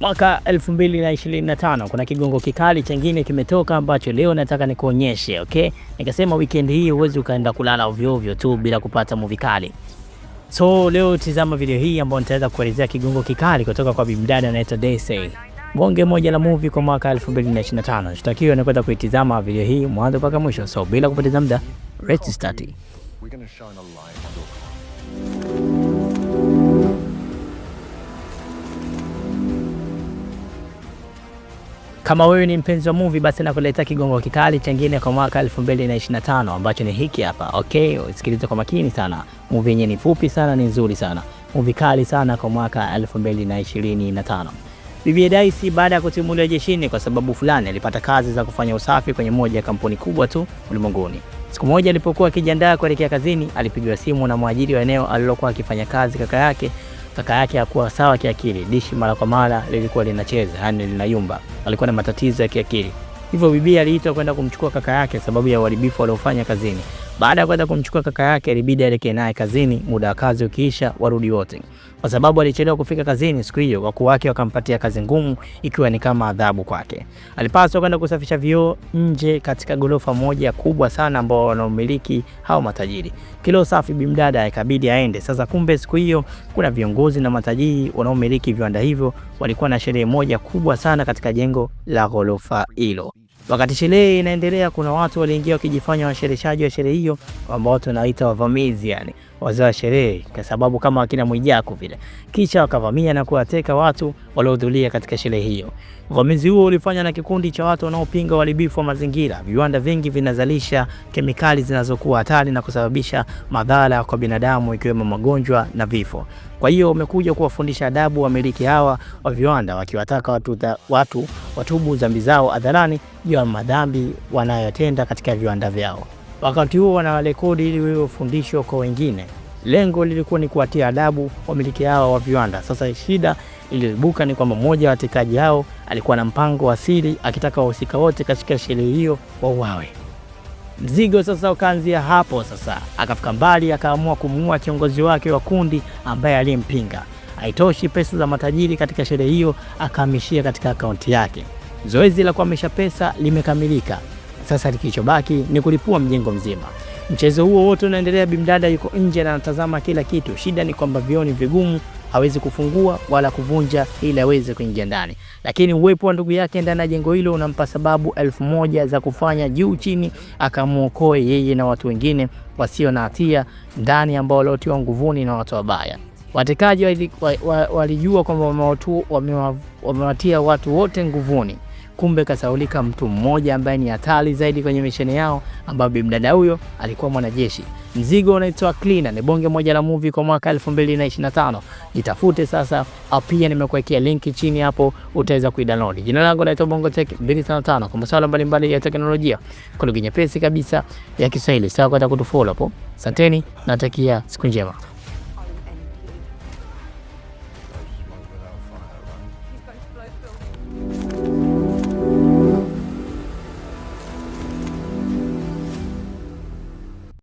Mwaka 2025 kuna kigongo kikali chengine kimetoka ambacho leo nataka nikuonyeshe, okay? Nikasema weekend hii huwezi ukaenda kulala ovyo ovyo tu bila kupata movie kali. So leo tizama video hii ambayo nitaweza kuelezea kigongo kikali kutoka kwa bimdada anaitwa Daisy. Bonge moja la movie kwa mwaka 2025. Tutakiwa kwenda kuitizama video hii mwanzo mpaka mwisho. So bila kupoteza muda, let's start. We're going to a Kama wewe ni mpenzi wa movie, basi nakuletea kigongo kikali chengine kwa mwaka 2025 ambacho ni hiki hapa. Okay, sikiliza kwa makini sana. Movie yenyewe ni fupi sana, ni nzuri sana, movie kali sana kwa mwaka 2025. Bibi Daisy baada ya kutimuliwa jeshini kwa sababu fulani, alipata kazi za kufanya usafi kwenye moja ya kampuni kubwa tu ulimwenguni. Siku moja alipokuwa akijiandaa kuelekea kazini, alipigiwa simu na mwajiri wa eneo alilokuwa akifanya kazi, kaka yake kaka yake hakuwa sawa kiakili. Dishi mara kwa mara lilikuwa linacheza, yani linayumba, alikuwa na matatizo ya kiakili. Hivyo bibi aliitwa kwenda kumchukua kaka yake sababu ya uharibifu waliofanya kazini. Baada ya kwenda kumchukua kaka yake, ilibidi aelekee naye kazini, muda wa kazi ukiisha warudi wote kwa sababu alichelewa kufika kazini siku hiyo. Wakuu wake wakampatia kazi ngumu, ikiwa ni kama adhabu kwake. Alipaswa kwenda kusafisha vioo nje katika gorofa moja kubwa sana ambao wanaomiliki hao matajiri. kilo safi bimdada ikabidi aende. Sasa kumbe siku hiyo kuna viongozi na matajiri wanaomiliki viwanda hivyo walikuwa na sherehe moja kubwa sana katika jengo la gorofa hilo. Wakati sherehe inaendelea, kuna watu waliingia wakijifanya washereheshaji wa sherehe hiyo, ambao wanaita wavamizi, yani wazee wa sherehe, kwa sababu kama wakina Mwijaku vile, kisha wakavamia na kuwateka watu waliohudhuria katika sherehe hiyo. Uvamizi huo ulifanywa na kikundi cha watu wanaopinga uharibifu wa mazingira. Viwanda vingi vinazalisha kemikali zinazokuwa hatari na kusababisha madhara kwa binadamu ikiwemo magonjwa na vifo. Kwa hiyo umekuja kuwafundisha adabu wamiliki hawa wa viwanda, wakiwataka watu, watu watubu dhambi zao hadharani juu ya madhambi wanayotenda katika viwanda vyao. Wakati huo wanawarekodi ili wafundishwe kwa wengine. Lengo lilikuwa ni kuwatia adabu wamiliki hawa wa viwanda. Sasa shida Iliyoibuka ni kwamba mmoja wa watekaji hao alikuwa na mpango wa siri, akitaka wahusika wote katika sherehe hiyo wauawe. Mzigo sasa ukaanzia hapo. Sasa akafika mbali, akaamua kumuua kiongozi wake wa kundi ambaye aliyempinga. Haitoshi, pesa za matajiri katika sherehe hiyo akahamishia katika akaunti yake. Zoezi la kuhamisha pesa limekamilika. Sasa kilichobaki ni kulipua mjengo mzima. Mchezo huo wote unaendelea, bimdada yuko nje na anatazama kila kitu. Shida ni kwamba vioni vigumu hawezi kufungua wala kuvunja ili aweze kuingia ndani, lakini uwepo wa ndugu yake ndani ya jengo hilo unampa sababu elfu moja za kufanya juu chini, akamwokoe yeye na watu wengine wasio na hatia ndani, ambao waliotiwa nguvuni na watu wabaya. Watekaji walijua kwamba wamewatia watu wote nguvuni kumbe kasaulika mtu mmoja ambaye ni hatari zaidi kwenye misheni yao, ambayo bimdada huyo alikuwa mwanajeshi. Mzigo unaitwa Cleaner ni bonge moja la movie kwa mwaka 2025. Jitafute sasa, pia nimekuwekea link chini hapo utaweza kuidownload. Jina langu naitwa Bongo Tech 255 kwa masuala mbalimbali ya teknolojia kwa lugha nyepesi kabisa ya Kiswahili. Sawa, kwa kutufollow hapo. Asanteni, natakia siku njema.